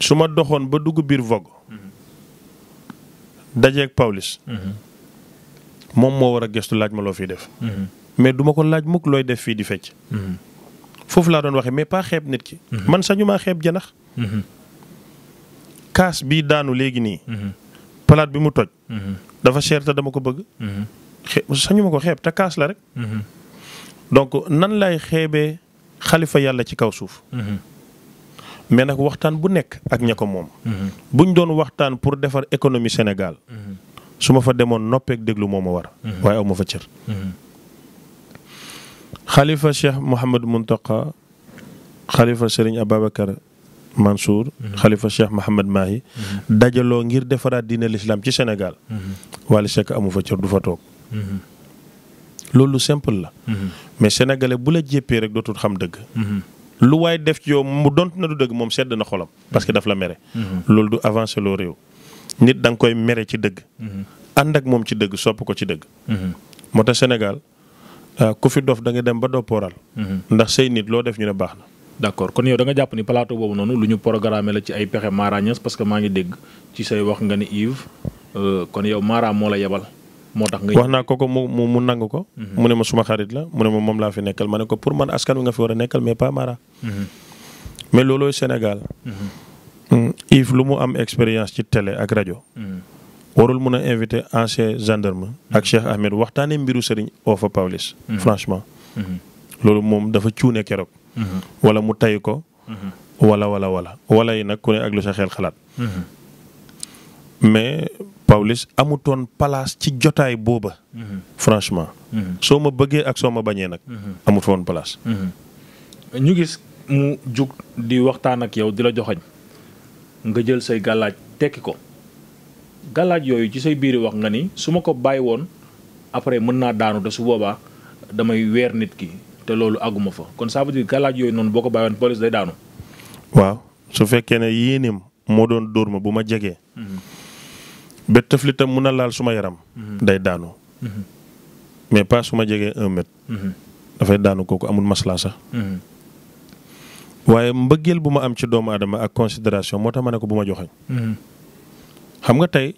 su ma doxoon ba dugg biir Vogue. dajeeg Pawlish. moom moo war a gestu laaj ma loo fiy def. mais duma ko laaj mukk looy def fii di fecc. foofu laa doon waxee mais pas xeeb nit ki. man sañu maa xeeb janax. kaas bii daanu léegi nii. palaat bi mu toj. dafa cher te dama ko bëgg. sañu ma ko xeeb te kaas la rek. donc nan lay xeebee xalifa yàlla ci kaw suuf. mais nag waxtaan bu nekk ak ña ko moom. Mhm. buñ doon waxtaan pour defar économie Sénégal. Mhm. su ma fa demoon noppeek déglu moom ma war. Mhm. waaye aw ma fa cër. xalifa Cheikh Mouhamed Mountakha xalifa Serigne Ababacar Mansour. xalifa Cheikh Mouhamed Mahi. dajaloo ngir defaraat diine l'islam ci Sénégal. Wally Seck amu fa cër du fa toog. loolu simple la. mais sénégalais bu la jéppee rek dootul xam dëgg. lu waaye def ci yow mu dont na du dëgg moom sedd na xolam parce que daf la mere. Mhm. loolu du avancé loo réew. nit da nga koy mere ci dëgg. Mhm. ànd ak moom ci dëgg sopp ko ci dëgg. Mhm. moo tax Sénégal euh, ku fi dof danga dem ba doo ndax say nit loo def ñu ne baax na. d' accord kon yow da nga jàpp ni palaato boobu noonu lu ñu programmé la ci ay pexe Mara Niass parce que maa ngi dégg ci say wax nga ni Yves euh, kon yow Mara moo la yebal. moo tax nga wax naa ko ko mu mu nangu ko. Mhm. mu ne ma suma xarit la mu ma moom laa fi nekkal ma ne ko pour man askan wi nga fi war a nekkal mais pas Mara. Mhm. mais loolooy Sénégal. Mhm. Mm, Yves lu mu am expérience ci télé ak rajo. warul mun a invité ancien gendarme. ak Cheikh Ahmed waxtaanee mbiru Serigne Ofa Pawlish. franchement. loolu moom dafa cuune keroog. wala mu tay ko. wala wala wala wala yi nag ku ne ak lu xel xalaat. mais. Pawlish amutoon place ci jotaay booba. Mhm. franchement. Mhm. soo ma bëggee ak soo ma bañee nag. Mhm. amutoon place. ñu gis mu jug di waxtaan ak yow di la joxoñ nga jël say gàllaaj tekki ko gàllaaj yooyu ci say biir wax nga ni su ma ko bàyyi woon après mën naa daanu te su boobaa damay weer nit ki te loolu àgguma fa kon ça veut dire gàllaaj yooyu noonu boo ko bàyyi woon Pawlish day daanu. waaw su fekkee ne yéeneem moo doon dóor ma bu ma jegee. ba tëflitam mun a laal suma yaram. Mm-hmm. day daanu. Mm-hmm. mais pas su ma jegee un mètre. Mm-hmm. dafay daanu kooku amul maslaa sax. waaye mbëggeel bu ma am ci doomu adama ak considération moo tax ma ne ko bu ma joxeñ xam nga tey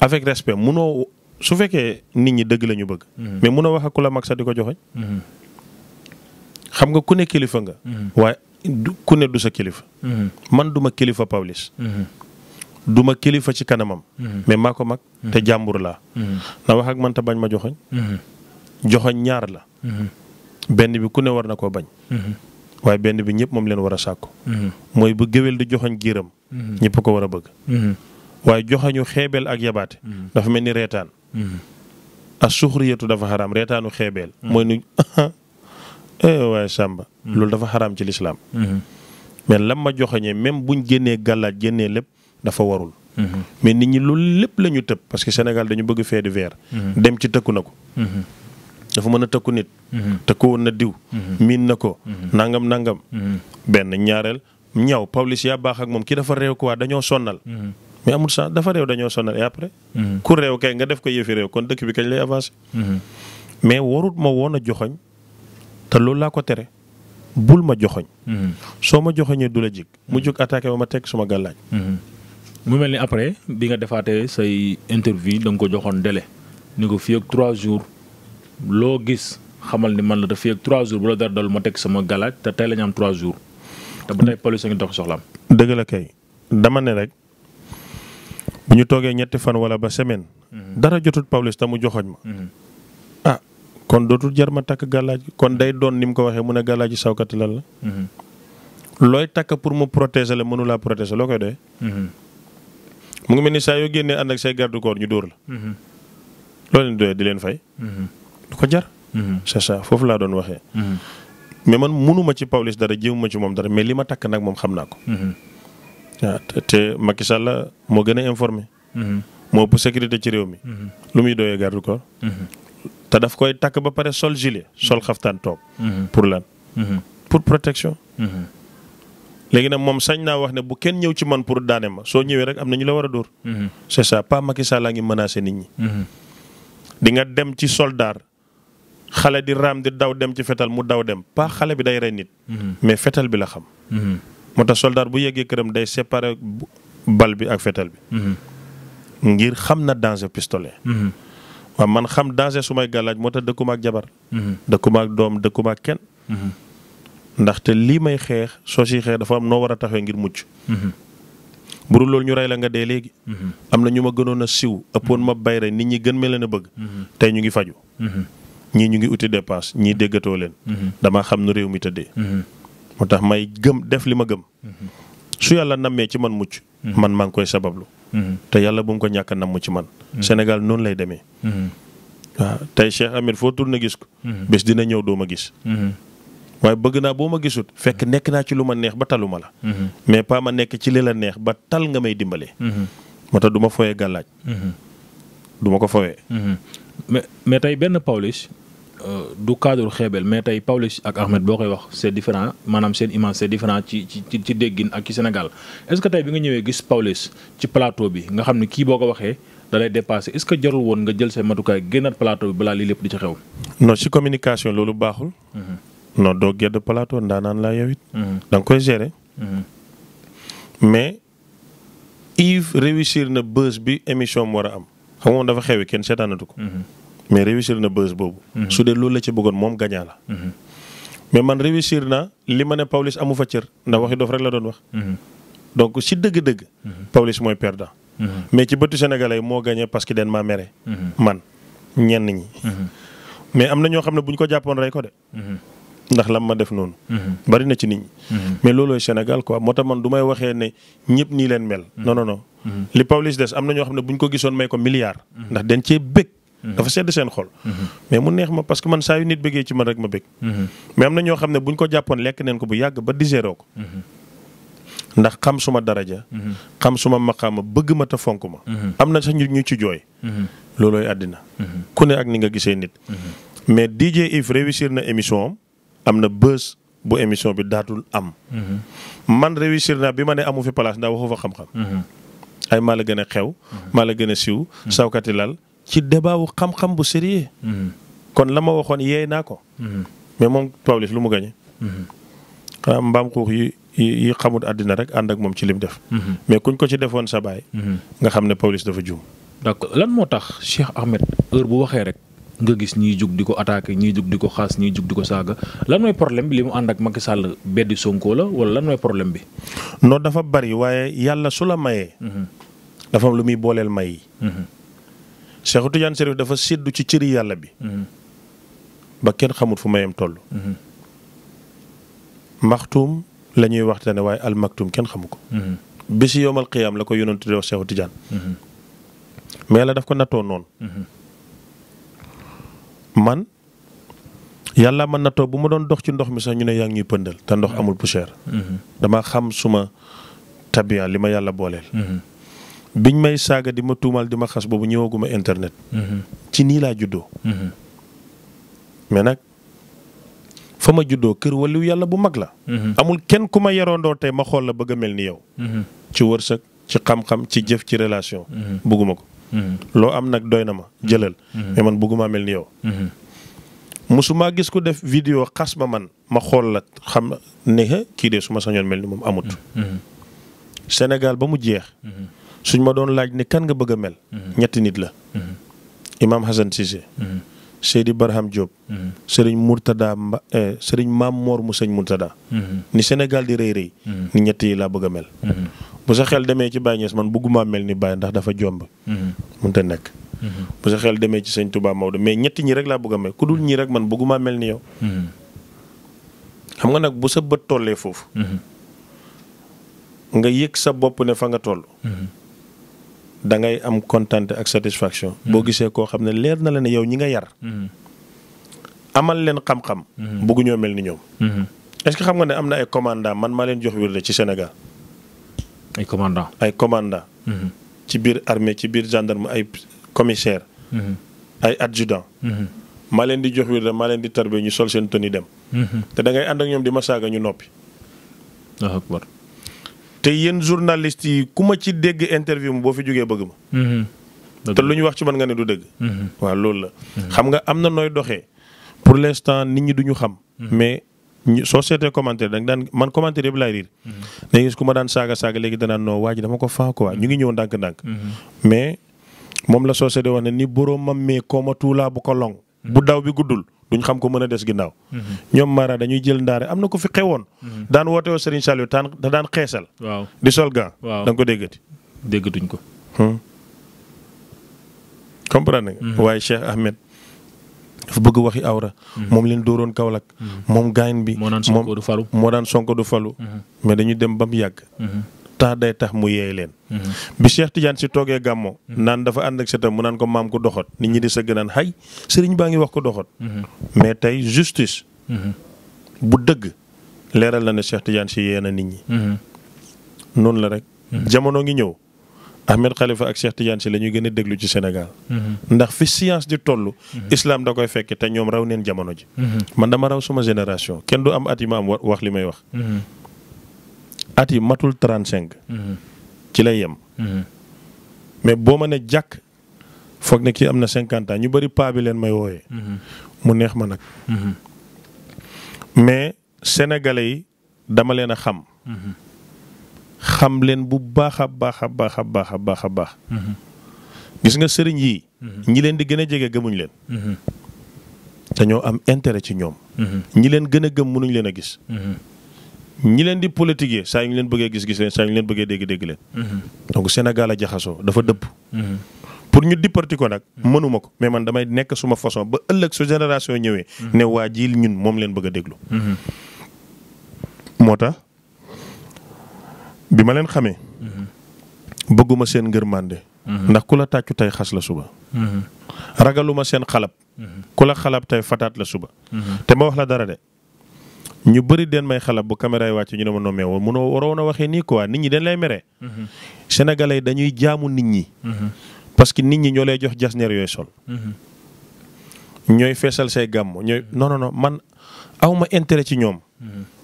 avec respect munoo su fekkee nit ñi dëgg la ñu bëgg. mais munoo wax ak mag sax di ko joxeñ xam nga ku ne kilifa nga. waaye ku ne du sa kilifa. man duma kilifa Pawlish. duma kilifa ci kanamam. Mhm. mais maa ko mag. te mhm. jàmbur laa. Mhm. na wax ak bañ ma joxoñ. joxoñ ñaar la. benn bi ku ne war na ko bañ. waaye benn bi ñëpp moom leen war a sàkku. mooy bu géwél di joxoñ giiram. ñëpp ko war a bëgg. waaye joxoñu xeebeel ak yabaate. dafa mel ni reetaan. as suxriyatu dafa xaraam reetaanu xeebeel. mooy nu eh, waaye Samba. loolu dafa xaram ci lislaam mais lan ma joxoñee même buñ génnee gàllaaj génnee lépp. dafa warul. Mhm. mais nit ñi loolu lépp la ñu tëb parce que Sénégal dañu bëgg fee di veer mhm. dem ci tëkku na ko. Mhm. dafa mën a tëkku nit. tëkku woon na diw. miin na ko. nangam nangam. benn ñaareel ñaw Pawlish yaa baax ak moom kii dafa réew quoi dañoo sonnal. mais amul sax dafa réew dañoo sonnal et après. ku réew kay nga def ko yëfi réew kon dëkk bi kañ lay avancé. mais warut ma woon a joxoñ te loolu laa ko tere bul ma joxoñ. soo ma joxoñee du la jig mu jóg attaqué ma ma teg suma gàllaaj mu mel ni après bi nga defaatee say interview da nga ko joxoon délai ni ko fii ak 3 jours loo gis xamal ni man la te fi ak 3 jours bu la dara dal ma teg sama galaaj te tey la ñu am 3 jours te ba tey police a ngi dox soxlaam. dëgg la kay dama ne rek bu ñu toogee ñetti fan wala ba semaine. Mhm. dara jotut police te mu joxoñ ma. Mhm. ah kon dootul jar ma takk galaaj kon day doon ni mu ko waxee mu ne galaaj sawkat lan la. Mhm. looy takk pour mu protéger la mënu laa protéger mu ngi mel ni saa yoo génnee ànd ak say garde corps ñu dóor la. Mhm. loolu leen doyee di leen fay. Mhm. du ko jar. Mhm. c'est ça foofu laa doon waxee. mais man mënuma ci Pawlish dara jéemuma ci moom dara mais li ma takk nag moom xam naa ko. waaw te Macky Sall moo gën a informé. moo ëpp sécurité ci réew mi. lu muy doyee garde te daf koy takk ba pare sol gilet sol xaftaan toog. pour lan. pour protection. léegi nag moom sañ naa wax ne bu kenn ñëw ci man pour daane ma soo ñëwee rek am na ñu la war a dóor. Mhm. c'est ça pas Macky Sall a ngi menacé nit ñi. Mhm. di nga dem ci soldaar xale di raam di daw dem ci fetal mu daw dem pas xale bi day rey nit. Mhm. mais fetal bi la xam. moo tax soldaar bu yeggee këram day séparer bal bi ak fetal bi. ngir xam na danger pistole waaw man xam danger sumay gàllaaj moo tax dëkkuma ak jabar. dëkkuma ak doom dëkkuma ak kenn. ndax ndaxte lii may xeex soo siy xeex dafa am noo war a taxawee ngir mucc. Mhm. bu dul loolu ñu rey la nga dee léegi. Mhm. am na ñu ma gënoon siw ëppoon mhm. ma bay rek nit ñi gën ma leen a bëgg. tey ñu ngi faju ñii ñu ngi uti dépense ñii déggatoo leen. dama xam nu réew mi tëddee. moo tax may gëm def li ma gëm. su yàlla namee ci man mucc. man maa ngi koy sabablu. te yàlla bu mu ko ñàkk a namm ci man. Sénégal noonu lay demee. waaw tey Cheikh Amir foo tourné gis ko. bés dina ñëw doo ma gis. waaye bëgg naa boo ma gisut fekk nekk naa ci lu ma neex ba taluma la mhm. mais pas ma nekk ci li la neex ba tal nga may dimbale mhm. moo tax du ma foyee gàllaaj mhm. du ma ko foyee mais mais tey benn Pawlish euh, du cadre xeebel mais tey Pawlish ak Ahmed boo koy wax c'est différent maanaam seen image c'est différent ci ci ci déggin ak ci Sénégal est-ce que tey bi nga ñëwee gis Pawlish ci plateau bi nga xam ne kii boo ko waxee da lay dépassé est-ce que jarul woon nga jël seen matukaay génnaat plateau bi balaa lii xew. non ci communication loolu baaxul. non doo gedd plateau ndaanaan laa yow it. Mhm. koy gérer. Mhm. mais Yves réussir na buzz bi émission mu war a am xam nga dafa xewi kenn seetaanatu ko. Mhm. mais réussir na buzz boobu. su dee loolu la ci bëggoon moom gañaa la. mais man réussir na li ma ne Pawlish amu fa cër ndax waxi dof rek la doon wax. donc si dëgg-dëgg. Pawlish mooy perdant. mais ci bëtu sénégalais moo gagné parce que den maa mere. man ñenn ñi. mais am na ñoo xam ne buñ ko jàppoon rey ko de. ndax lam ma def noonu. Mhm. bari na ci nit mhm. mais loolooy Sénégal quoi moo tax man du may waxee ne ñëpp nii leen mel. Mhm. non non non li Pawlish des am na ñoo xam ne bu ñu ko gisoon may ko milliard. ndax dañ cee bëgg. dafa sedd seen xol. mais mu neex ma parce que man saa nit bëggee ci man rek ma bëgg. mais am ñoo xam ne bu ñu ko jàppoon lekk ko bu yàgg ba digéroo ko. ndax xam suma daraja. xam suma maqaama bëgg ma te fonk ma. am na sax ñu ñu ci jooy. loolooy àddina. ku ne ak ni nga gisee nit. mais DJ Yves réussir na émission am am na bës bu émission bi daatul am. Mm-hmm. man réussir naa bi ma ne amu fi place ndax waxu fa xam-xam. Mm-hmm. ay maa la gën a xew. Mm-hmm. maa la gën a siiw. sawkati lal ci débat wu xam-xam bu sérieux. kon la ma waxoon yeey naa ko. mais moom Pawlish lu mu gañe mbaam xuux yi yi xamut àddina rek ànd ak moom ci lim def. mais kuñ ko ci defoon sa baay. nga xam ne Pawlish dafa juum. d'accord lan moo tax Cheikh Ahmed heure bu waxee rek. nga gis ñiy jug di ko attaqué ñiy jug di ko xaas ñiy jug di ko saaga lan mooy problème bi li mu ànd ak Macky Sall beddi Sonko la wala lan mooy problème bi. non dafa bari waaye yàlla su la mayee. Mhm. dafa lu muy booleel may yi. Mhm. Cheikh Tidiane Chérif dafa séddu ci cëri yàlla bi. Mhm. ba kenn xamut fu mayam toll. maxtuum la ñuy waxtaane waaye al maktum kenn xamu ko. bési yowmal qiyaam la ko yónantu di wax Cheikh mais yàlla daf ko nattoo noonu. man yàlla mën na toog bu ma doon dox ci ndox mi sax ñu ne yaa ngi ñuy te ndox amul poussière. Mm-hmm. dama xam suma tabiya li ma yàlla booleel. Mm-hmm. biñ may saaga di ma tuumaal di ma xas boobu ñëwaguma internet. Mm-hmm. ci nii laa juddoo. mais nag fa ma juddoo kër waliw yàlla bu mag la. amul kenn ku ma yaroondoo tey ma xool la bëgg a mel ni yow. ci wërsëg ci xam-xam ci jëf ci relation. bëgguma ko. Mm-hmm. loo am nag doy na ma mm-hmm. jëlal mm-hmm. mais man bëgguma mel ni yow musuma gis ku def vidéo xas ma man ma xool la xam ne kii de suma ma sañoon mel ni moom amut Sénégal ba mu jeex suñ ma doon laaj ni kan nga bëgg a mel ñetti nit la Imam Hassan Cissé Seydi Barham Diop sëriñ Murtada Mba eh, sëriñ Maam Moor mu sëñ Murtada ni Sénégal di rëy rëy ni ñett laa bëgg a mel bu sa xel demee ci Baye man bëgguma mel ni Baye ndax dafa jomb. mënut mhm. ta nekk. Mhm. bu sa xel demee ci sëñ Touba Maodo mais ñetti ñi rek laa bëgg a mel ku dul ñii rek man bëgguma mel ni yow. Mhm. xam nga nag bu sa bët tollee foofu. nga yëg sa bopp ne fa nga toll. da ngay am kontaan ak satisfaction. boo gisee koo xam ne leer na la yow ñi nga yar. leen xam-xam. bëgguñoo mel ni ñoom. est ne am na ay commandant man maa leen jox wér ci Sénégal. ay commandant ay commandant mm-hmm. ci biir armée ci biir gendarme ay commissaire mm-hmm. ay adjudant mm-hmm. maa leen di jox wirda maa leen di tarbe ñu sol seen tenue dem te da ngay ñoom di ma saaga ñu noppi te yéen journaliste yi ku ma ci dégg interview mu boo fi jógee bëgg ma te lu ñu wax ci man nga ne du dëgg waaw loolu la xam nga am na nooy doxee pour l'instant nit ñi duñu xam mais soo seetee commentaire danga daan man commentaire yëpp laay riir mm-hmm. dañuy gis ku ma daan saaga saaga léegi danaan noo waa ji dama ko faa ko waa ñu ngi ñëw ndànk-ndànk mm-hmm. mais moom la soo seetee wax ne ni boroomam mee kooma tuulaa bu ko long mm-hmm. bu daw bi guddul duñ xam ko mën a des ginnaaw ñoom Mara dañuy jël ndaare am na ko fi xewoon daan woote woo Serigne Saliou taan da daan xeesal waaw di sol gan da nga ko déggati déggatuñ ko hmm. comprendre nga waaye Cheikh Ahmed dafa bëgg waxi awra. Mhm. moom leen dóoroon Kaolack. Mhm. moom gaañ bi moo daan Sonko du falu moo daan Sonko du mhm. mais dañu dem ba mu yàgg. tax day tax mu yeey leen. bi Cheikh Tidiane si toogee gàmmo. naan dafa ànd ak setam mu naan ko maam ko doxot nit ñi di sëgg naan xay sëriñ baa ngi wax ko doxot. mais tey justice. bu dëgg leeral na ne Cheikh Tidiane si yee na nit ñi. noonu la rek. jamono ngi ñëw. Ahmed Khalifa ak Cheikh Tidiane si la ñuy gën a déglu ci Sénégal. Mm-hmm. ndax fi science di toll. Mm-hmm. islam da koy fekk te ñoom raw neen jamono ji. Mm-hmm. man dama raw suma génération kenn du am at yi ma am wax li may wax. at yi matul 35. ci lay yem. mais boo ma ne jàkk foog ne kii am na 50 ans ñu bëri paa bi leen may wooyee. mu neex ma nag. mais sénégalais yi dama leen a xam. xam leen bu baax a baax a baax a baax a baax baax. Mm-hmm. gis nga sëriñ yi. Mm-hmm. ñi leen di gën a jege gëmuñ leen. Mm-hmm. dañoo am intérêt ci ñoom. ñi leen gën a gëm mënuñ leen a gis. ñi leen di politiquer saa ñu leen bëggee gis-gis leen saa ñu leen bëggee dégg-dégg leen. donc Sénégal a jaxasoo dafa dëpp. pour ñu dipparti ko nag mënuma ko mais man damay nekk suma façon ba ëllëg su génération ñëwee. ne waa ji ñun moom leen bëgg a déglu. moo tax bi ma leen xamee. bëgguma seen ngërmande. Mhm. ndax ku la tàccu tey xas la suba. Mhm. ragaluma seen xalab. Mhm. ku la xalab tey fataat la suba. te ma wax la dara de ñu bëri den may xalab bu caméra yi wàcc ñu ne ma nommé woon a waroon a waxee nii quoi nit ñi dañ lay mere. sénégalais dañuy jaamu nit ñi. parce que nit ñi ñoo lay jox jasneer yooyu sol. ñooy feesal say gàmm ñooy non non non man awma intérêt ci ñoom.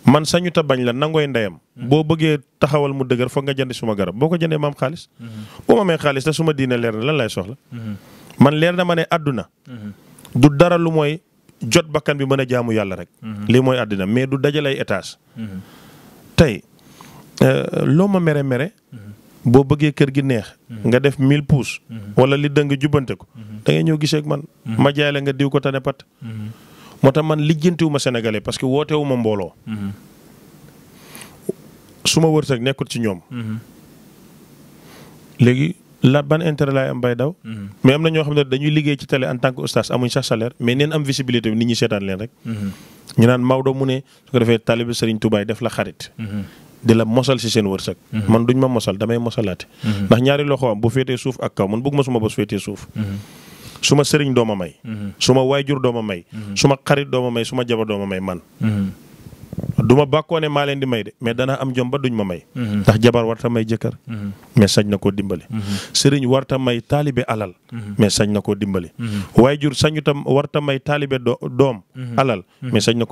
man sañu ta bañ la nangooy ndeyam mm-hmm. boo bëggee taxawal mu dëgër foog nga jënd suma garab boo ko jëndee ma am xaalis mm-hmm. boo ma amee xaalis te suma diine leer na lan lay soxla mm-hmm. man leer na ma ne àdduna du dara lu mooy jot bakkan bi mën a jaamu yàlla rek lii mooy àddina mais du dajalay étage tey euh, loo ma mere mere boo bëggee kër gi neex nga def mil pouces wala li dëng jubbante ko da ngay ñëw gisee man ma jaay la nga diw ko tane pat moo tax man lijjantiwu ma sénégalais parce que wootewu ma mbooloo. Mhm. su ma wërsëg nekkut ci ñoom. Mhm. léegi la ban intérêt laay am bay daw. Mhm. mais am na ñoo xam ne dañuy liggéey ci télé en tant que oustaz amuñ sax salaire mais neen am visibilité bi nit ñi seetaan leen rek. ñu naan Maodo mu ne su ko defee taalibe Serigne Touba def la xarit. di la mosal si seen wërsëg. man duñ ma mosal damay mosalaate. ndax ñaari loxo am bu féetee suuf ak kaw man bëgg ma suma bos féetee suuf. su ma sëriñ doo ma may. Mhm. su ma waajur doo ma may. Mhm. su ma xarit doo ma may su ma jabar doo ma may man. Mhm. du ma bàkkoo ne maa leen di may de mais danaa am jom ba duñ ma may. ndax jabar warta may jëkkër. mais sañ na koo dimbali. sëriñ warta may taalibe alal. mais sañ na koo dimbali. waajur sañu tam warta may taalibe doom. alal mais sañ na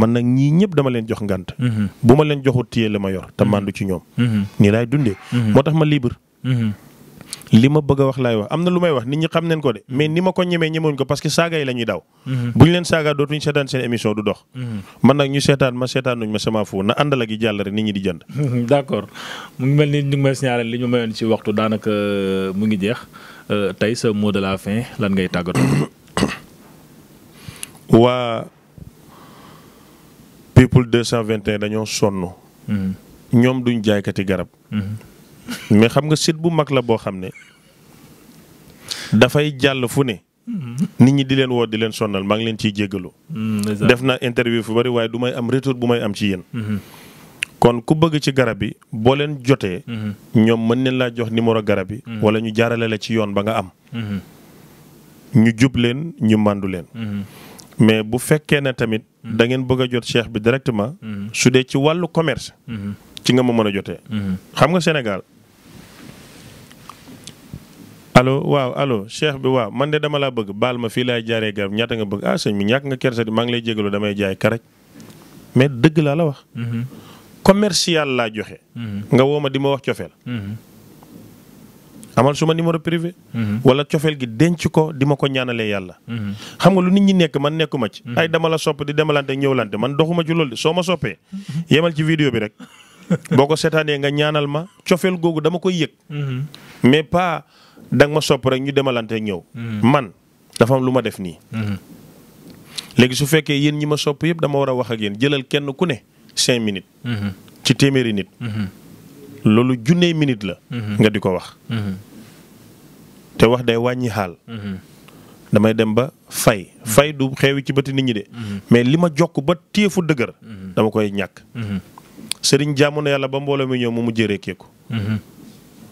man nag ñii ñëpp dama leen jox ngant. bu ma leen joxut téye la ma yor te mandu ci ñoom. nii laay dundee. moo tax ma libre. li ma bëgg wax laay wax am na lu may wax nit ñi xam nañ ko de mais ni ma ko ñemee ñemewuñ ko parce que saaga yi la ñuy daw. Mhm. bu ñu leen saaga dootuñ seetaan seen émission du dox. Mhm. man nag ñu seetaan ma seetaanuñ ma sama fu na àndala gi jàll rek nit ñi di jënd. Mhm, d' accord mu ngi mel ni ñu ngi may li ñu mayoon ci waxtu daanaka euh, mu ngi jeex euh, tey sa mot de la fin lan ngay tàggatoo. waa people 221 dañoo sonn. ñoom duñ jaaykati garab. mais xam nga site bu mag la boo xam ne dafay jàll fu ne. nit ñi di leen woo di leen sonnal maa ngi leen ciy jéggalu. Mm, def naa interview fu bari waaye du may am retour bu may am ci yéen. Mm-hmm. kon ku bëgg ci garab bi boo leen jotee. Mm-hmm. ñoom mën nañ laa jox numéro garab bi. Mm-hmm. wala ñu jaarale la ci yoon ba nga am. ñu jub leen ñu màndu leen. mais bu fekkee ne tamit. da ngeen bëgg a jot cheikh bi directement. su dee ci wàllu commerce. ci nga ma mën a jotee. xam nga Sénégal. allo waaw allo cheikh bi waaw man de dama laa bëgg baal ma fii laay jaaree garab ñaata nga bëgg ah sëñ bi ñàkk nga kersa di maa ngi lay jégalu damay jaay karaj la wax. Mm-hmm. commercial mm-hmm. ma di ma wax cofeel. Mm-hmm. amal suma numéro privé. wala cofeel gi denc ko di ma ko ñaanalee yàlla. xam nga lu nit ñi nekk man nekkuma ci. ay dama la sopp di demalante ñëwlante man doxuma ci loolu de soo ma soppee. yemal ci vidéo bi rek boo ko seetaanee nga ñaanal ma cofeel googu dama koy yëg. mais pas danga ma sopp rek ñu demalante ñëw. Mm-hmm. man dafa am lu ma def nii. Mm-hmm. léegi su fekkee yéen ñi ma sopp yëpp dama war a wax ak yéen jëlal kenn ku ne cinq minutes. Mm-hmm. ci téeméeri nit. loolu junnee minute la. nga di ko wax. te wax day wàññi xaal. damay dem ba fay fay du xeewi ci bëti nit ñi de. mais li ma jokk ba téefu dëgër. dama koy ñàkk. sëriñ jaamu yàlla ba mbooloo mi ñëw mu mujjee rekkeeku.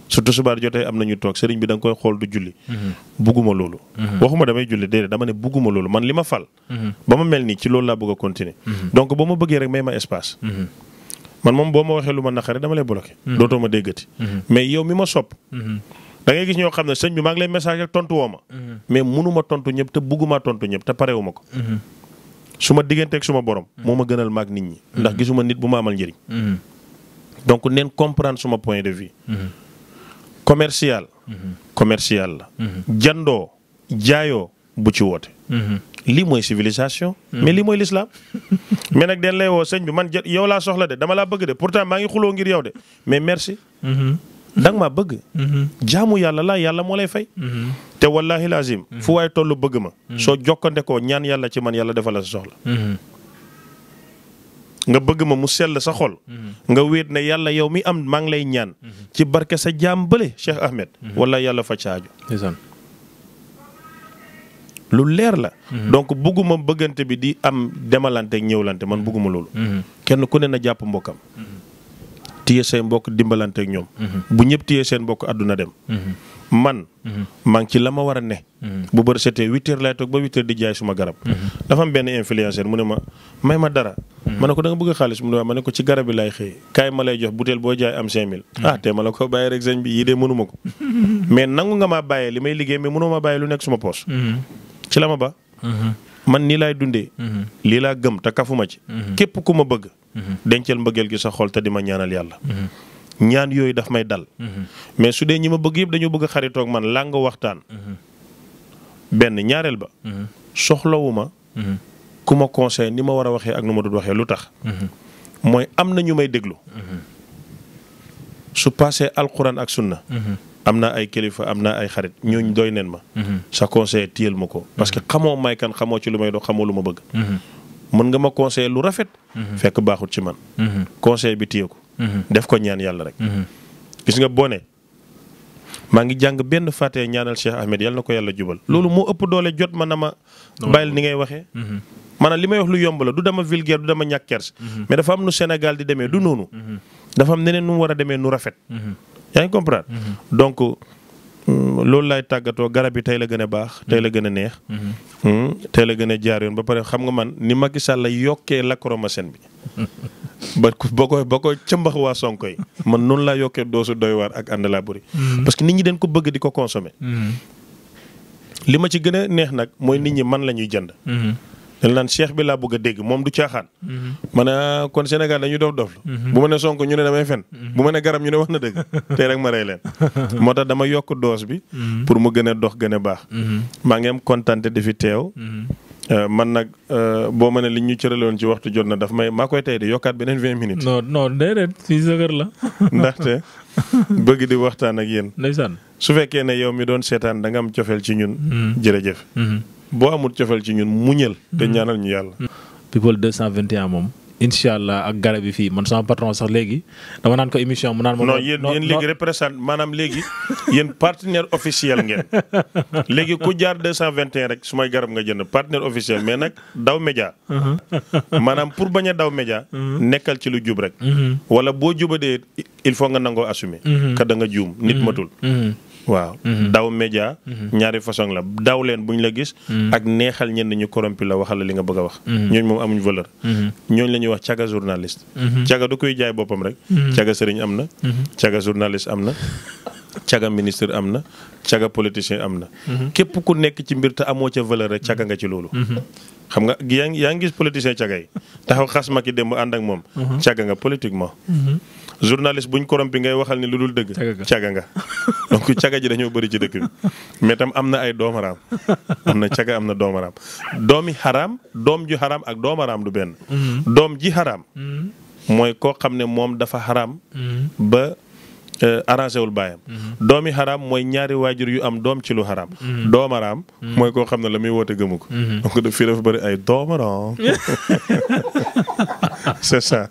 surtout subaar jotee am nañu toog sëriñ bi da nga koy xool du julli. Mhm. bugguma loolu. Mhm. waxuma damay julli déedéet dama ne bugguma loolu man li ma fal. Mhm. ba ma mel nii ci loolu laa bëgg a continuer. donc boo ma bëggee rek may ma espace. man moom boo ma waxee lu ma naqare dama lay bloqué. dootoo ma déggati. mais yow mi ma sopp. da ngay gis ñoo xam ne sëñ bi maa ngi lay message ak tontu woo ma. mais munuma tontu ñëpp te bugguma tontu ñëpp te parewuma ko. su ma digganteeg suma borom. moo ma gënal maag nit ñi. ndax gisuma nit bu ma amal njëriñ. donc neen comprendre suma point de vue. commercial. commercial la. jandoo jaayoo bu ci woote. lii mooy civilisation. mais lii mooy lislaam mais nag den lay woo sëñ bi man jë yow laa soxla de dama laa bëgg de pourtant maa ngi xuloo ngir yow de mais merci. da nga maa bëgg. jaamu yàlla laa yàlla moo lay fay. te wallaahi lazim fu waaye tollu bëgg ma. soo jokkante koo ñaan yàlla ci man yàlla defal sa soxla. nga bëgg ma mu sell sa xol mhm. nga wéet ne yàlla yow mi am maa ngi lay ñaan mhm. ci barke sa jaam bële Cheikh Ahmed mhm. walla yàlla fa sa aju lu leer la donc bugguma bëggante bi di am demalante ñëwlante man bëgguma loolu kenn ku ne na jàpp mbokkam téye say mbokk dimbalante ak ñoom bu ñëpp téye seen mbokk àdduna dem man. maa ngi ci la ma war a ne. bu bër setee huit heures laay toog ba huit di jaay suma garab. dafa am benn influenceur mu ne ma may ma dara. ma ne ko da nga bëgg xaalis mu ne ma ne ko ci garab yi laay xëy kaay ma lay jox butéel boo jaay am cinq mille. ah te ma la ko bàyyi rek bi yii de mënu ma ko. mais nangu nga maa bàyyee li may liggéey mais mënoo ma bàyyi lu nekk suma poos. ci la ma ba. man nii laay dundee. lii laa gëm te kafuma ci. képp ku ma bëgg. dencal mbëggeel gi sa te di ma ñaanal yàlla. ñaan yooyu dafa may dal. Mhm. mais su dee ñi ma bëgg yëpp dañoo bëgg xaritoog man làng waxtaan. Mhm. benn ñaareel ba. Mhm. soxlawuma. ku ma conseil ni ma war a waxee ak nu ma dul waxee lu tax. mooy am na ñu may déglu. su paasee alquran ak sunna. am naa ay kilifa am na ay xarit ñooñ doy neen ma. sa conseil téyel ma ko. parce que xamoo may kan xamoo ci lu may dox xamoo lu ma bëgg. mën nga ma conseil lu rafet. fekk baaxut ci man. conseil bi téye ko. Mm-hmm. def ko ñaan yàlla rek. Mm-hmm. gis nga boo maa ngi jàng benn fàtte ñaanal Cheikh Ahmed yal na ko yàlla jubal loolu moo ëpp doole jot ma na ma bàyyil ni ngay waxee. Mm-hmm. maanaam li may wax lu yomb la du dama vulgaire du dama ñàkk kers mais dafa am nu senegal di demee du noonu. dafa am neneen nu mu war a demee nu rafet. yaa ngi comprendre donc mm, loolu laay tàggatoo garab yi tey la gën a baax tey la gën a neex. Mm, tey la gën a jaar yoon ba pare xam nga man ni ma Sall la yokkee lakoromasen bi. ba boo ko boo ko cëmbax waa sonko yi man noonu laa yokkee doosu doy waar ak ànd laa bëri mm-hmm. parce que nit ñi dañ ko bëgg di ko consommer mm-hmm. li ma ci gën a neex nag mooy nit ñi man la jënd mm-hmm. dañ naan cheikh bi laa bëgg a dégg moom du caaxaan man a ah, kon Sénégal dañuy dof dof la bu ma ne sonko ñu ne damay fen bu ma ne garab ñu ne wax na dëgg tey rek ma rey leen moo tax dama yokk doos bi pour mu gën a dox gën a baax maa ngi am kontaan di fi teew Euh, man nag euh, boo ma ne li ñu cërale ci waxtu jot na daf may maa koy tey di yokkaat beneen vingt minutes. non non déedéet fii sa la. ndaxte bëgg di waxtaan ak yéen. ndeysaan su fekkee ne yow mi doon seetaan da nga am cofeel ci ñun. Hmm. jërëjëf. Hmm. boo amul cofeel ci ñun muñal. te hmm. ñaanal ñu yàlla. people 221 moom. incha allah ak garab yi fii man sama patron sax léegi dama naan ko émission mu naan. non yéen yéen léegi représente maanaam léegi yéen partenaire officiel ngeen léegi ku jaar rek su may garab nga jënd partenaire officiel mais nag daw média. Uh-huh. maanaam pour bañ a daw média. Uh-huh. nekkal ci lu jub rek. Uh-huh. wala boo jubadee il faut nga nangoo assumer. ka da juum nit matul. waaw mhm. daw média mhm. ñaari façon la daw leen buñ la gis mhm. ak neexal ñenn ñu corrompi la waxal la li nga bëgg a wax ñooñ moom amuñ valeur ñooñ la ñuy wax caga journaliste caga du koy jaay boppam rek caga sëriñ am na caga journaliste am na caga ministre politicien am na képp ku nekk ci mbir te amoo ca valeur rek caga nga ci loolu xam nga yaa ngi yaa ngi gis politicien caga yi taxaw xas ma ki démb ànd moom caga nga politiquement journaliste buñ corrompi ngay waxal ni lu dul dëgg. caga nga donc caga ji dañoo bëri ci dëkk bi mais am na ay doomaraam am na caga am na doomaraam doomi xaraam doom ju xaraam ak doomaraam du benn. Mm-hmm. doom ji xaraam. Mm-hmm. mooy koo xam ne moom dafa xaraam. Mm-hmm. ba euh, arrangé wul baayam. doomi xaraam mooy ñaari waajur yu am doom ci lu xaraam. doomaraam. mooy koo xam ne la muy woote gëmu ko. donc fii dafa bëri ay doomaraam c'est ça.